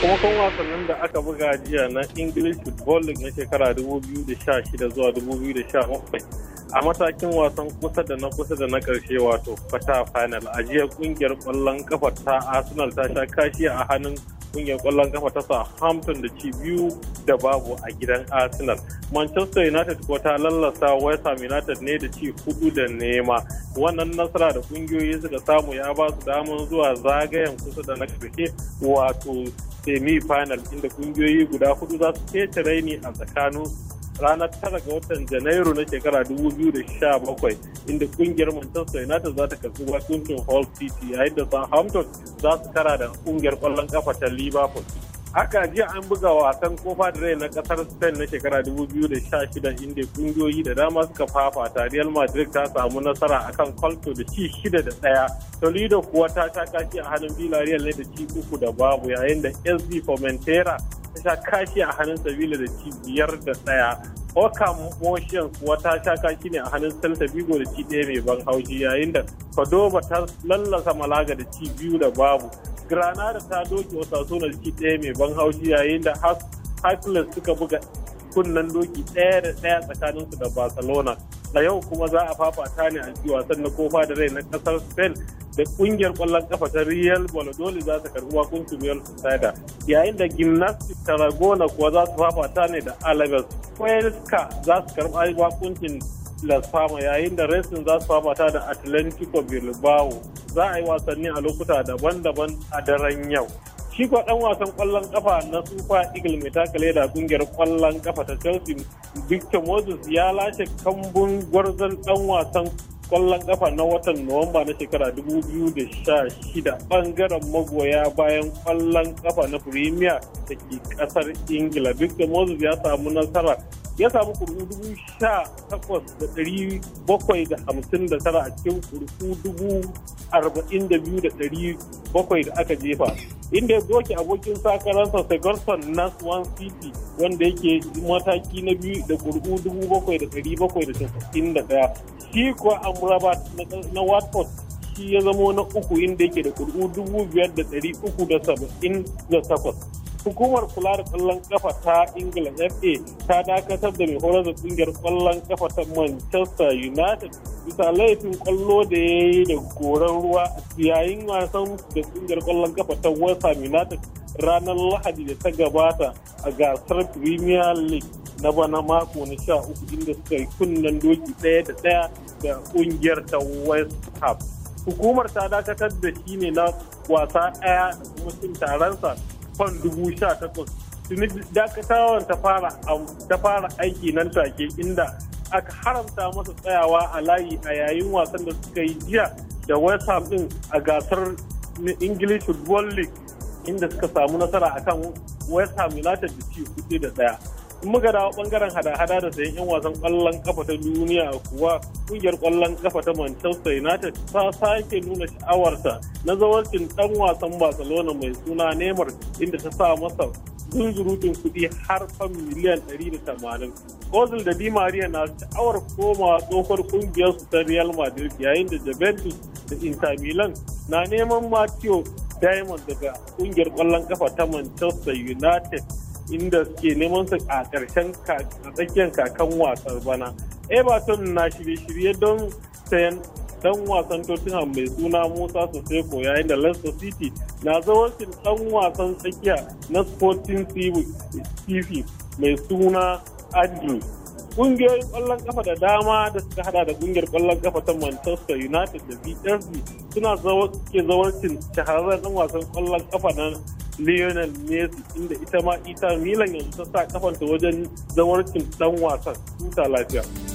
sakamakon wasannin da aka buga jiya na english football league na shekara 2016 zuwa 2017 a matakin wasan kusa da na kusa da na karshe wato fata final a jiya kungiyar kwallon kafa ta arsenal ta sha kashi a hannun kungiyar kwallon kafa ta Southampton da ci biyu da babu a gidan Arsenal. Manchester United ko ta lallasa West Ham United ne da ci hudu da nema. Wannan nasara da kungiyoyi suka samu ya ba su damar zuwa zagayen kusa da na wato semi final inda kungiyoyi guda hudu za su kece raini a tsakaninsu. ranar tara ga watan janairu na shekara 2017 inda kungiyar manchester united za ta karbi washington hall city yayin da southampton za su kara da kungiyar kwallon kafa ta liverpool haka jiya an buga wasan kofa da rai na kasar spain na shekara 2016 inda kungiyoyi da dama suka fafata real madrid ta samu nasara akan colto da ci shida da daya toledo kuwa ta sha kashi a hannun villarreal ne da ci uku da babu yayin da sc fomentera ta kashi a hannun sabila da ci biyar da ɗaya Oka Motion kuwa ta sha kashi ne a hannun Celta Vigo da ci ɗaya mai ban haushi yayin da fadoba ta lallasa Malaga da ci biyu da babu. Granada ta doke Osasuna da ci ɗaya mai ban haushi yayin da hasler suka buga kunnen doki ɗaya da ɗaya tsakaninsu da Barcelona. A yau kuma za a fafata ne a wasan na kofa da rai na ƙasar Spain da kungiyar kwallon kafa ta Real Valladolid za ta karbi wakuncin Real Sociedad yayin da Gymnastic Tarragona kuwa za su fafata ne da Alaves Huesca za su karbi wakuncin Las Palmas yayin da Racing za su fafata da Atlantico Bilbao za a yi wasanni a lokuta daban-daban a daren yau shi kuwa dan wasan kwallon kafa na Super Eagle mai takale da kungiyar kwallon kafa ta Chelsea Victor Moses ya lashe kambun gwarzon dan wasan kwallon kafa na watan Nuwamba na shekara 2016 bangaren magoya bayan kwallon kafa na Premier da ke kasar Ingila. Victor Moses ya samu nasara ya samu kurkuku dubu sha takwas da ɗari bakwai da hamsin da tara a cikin kurkuku dubu arba'in da biyu da ɗari bakwai da aka jefa inda ya doke abokin sakararsa Segerson Nas One City wanda yake mataki na biyu da kurkuku dubu bakwai da ɗari bakwai da tasa'in da ɗaya shi kuwa Amrabat na Watford shi ya zamo na uku inda yake da kurkuku dubu biyar da ɗari uku da saba'in da takwas hukumar kula da kwallon kafa ta ingila fa ta dakatar da mai horar da kungiyar kwallon kafa ta manchester united bisa laifin kwallo da ya yi da goron ruwa yayin wasan da kungiyar kwallon kafa ta west ham united ranar lahadi da ta gabata a gasar premier league na bana mako na sha uku inda suka yi kunnen doki daya da daya da kungiyar ta west ham hukumar ta dakatar da shi ne na wasa ɗaya da kuma cin taronsa fan dubu sha takwas tuni dakatawan ta fara aiki nan take inda aka haramta masa tsayawa a layi a yayin wasan da suka yi jiya da west ham din a gasar english football league inda suka samu nasara akan west ham united da ci da ɗaya muka dawo bangaren hada-hada da sayan 'yan wasan kwallon kafa ta duniya kuwa kungiyar kwallon kafa ta Manchester United ta sake nuna sha'awarta na zawarcin dan wasan Barcelona mai suna Neymar inda ta sa masa zunzurutun kuɗi har fan miliyan 180. Ozil da Di Maria na sha'awar koma tsohuwar kungiyar su ta Real Madrid yayin da Juventus da Inter Milan na neman matthew Diamond daga kungiyar kwallon kafa ta Manchester United inda suke neman su a ƙarshen tsakiyar kakan wasan bana everton na shirye-shirye don sayan dan wasan tottenham mai suna musa soseko yayin da leicester city na zawarcin dan wasan tsakiya na sporting tv mai suna andrew ƙungiyoyin kwallon kafa da dama da suka hada da kungiyar kwallon kafa ta manchester united da psg suna zawarcin shahararren dan wasan kwallon kafa na Lionel Messi inda ita ma ita Milan yanzu ta sa kafanta wajen zawarcin dan wasan. Huta lafiya.